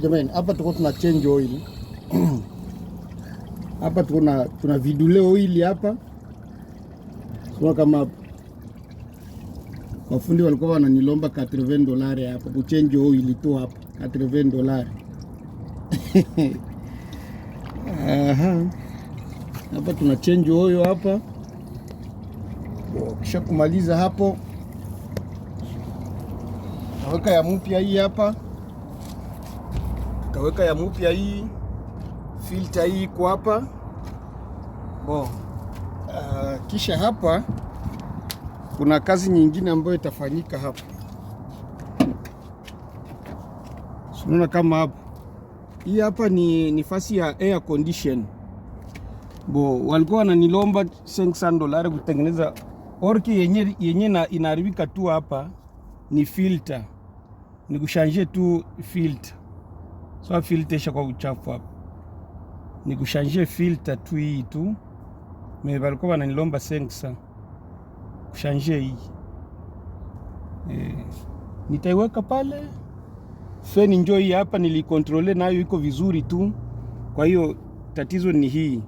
Jamani, hapa tuko tuna change oil hapa tuko na tuna vidule oil hapa sio kama mafundi walikuwa wananilomba 80 dolari hapa change oil tu hapa 80 dolari Aha. Hapa tuna change oil hapa, kisha kumaliza hapo naweka ya mpya hii hapa Kaweka ya mupya hii filter hii kwa hapa bo. Uh, kisha hapa kuna kazi nyingine ambayo itafanyika hapa, unaona kama hapa hii hapa ni nafasi ya air condition bo, walikuwa wananilomba 500 dolari kutengeneza orki yenye, yenye inaharibika tu hapa. Ni filter, ni kushanje tu filter So filter kwa uchafu hapa, nikushanje filter tu hii tu me balikuwa wananilomba sensa kushanje hii e. Nitaiweka pale feni njo hii hapa, nilikontrole nayo iko vizuri tu. Kwa hiyo tatizo ni hii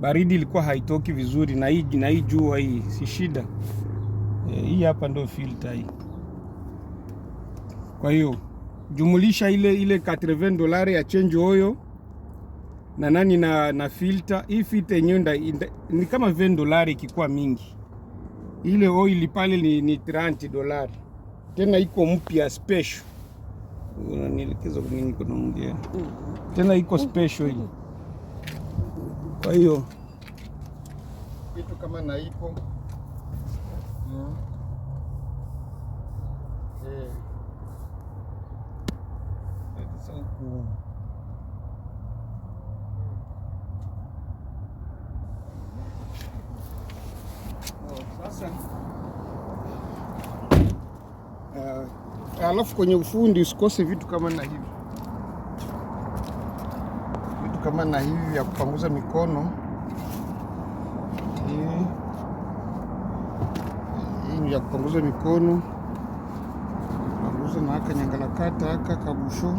baridi ilikuwa haitoki vizuri na hii na hii jua hii si shida e, hii hapa ndo filter hii, kwa hiyo jumulisha ile ile 80 dolari ya change oyo na nani na, na filter hii filter yenyewe ni kama 20 dolari ikikuwa mingi. Ile oil pale ni, ni 30 dolari tena iko mpya special. Unanielekeza kwa nini kunaongea mm-hmm. tena iko special hii. Kwa hiyo kitu kama na ipo mm. Sasa uh, eh, alafu kwenye ufundi usikose vitu kama na hivi vitu kama na hivi vya kupanguza mikono. Hii ni ya kupanguza mikono, panguza na haka nyangalakata haka kabusho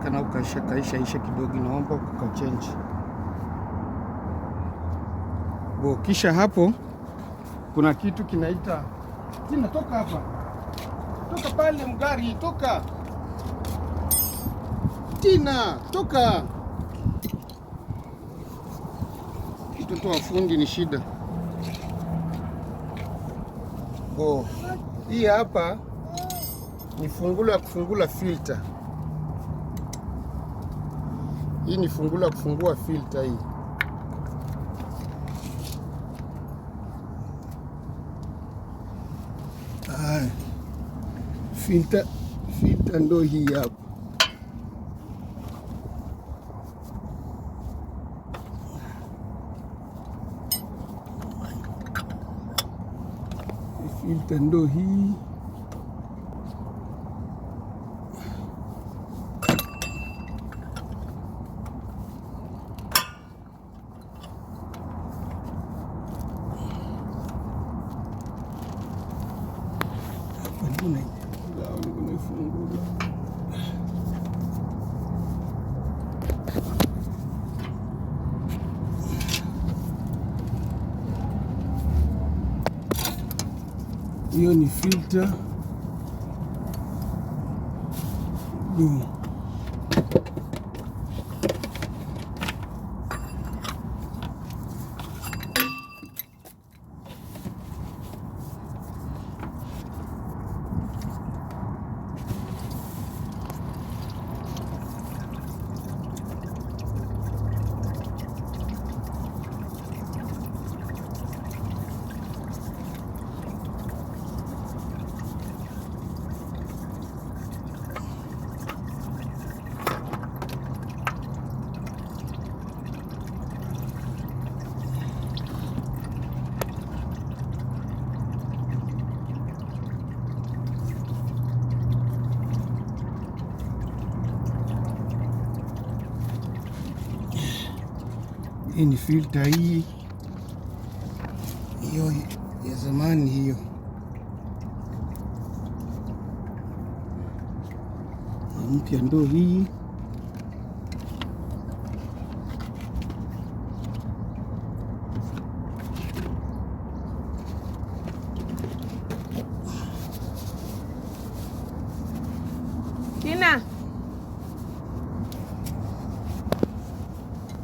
inaonekana ukaisha kaisha isha kidogo, inaomba ukachange bo. Kisha hapo kuna kitu kinaita tina, toka hapa, toka pale, mgari toka, tina toka. Mtoto wa fundi ni shida bo. Hii hapa ni fungulo ya kufungula filter hii ni fungula kufungua filter hii. Ah, filter filter ndo hii hapa. Filter ndo hii. mbona hiyo ni filter. Duh. Hii ni filter hii, hiyo ya zamani hiyo. Mpya ndo hii.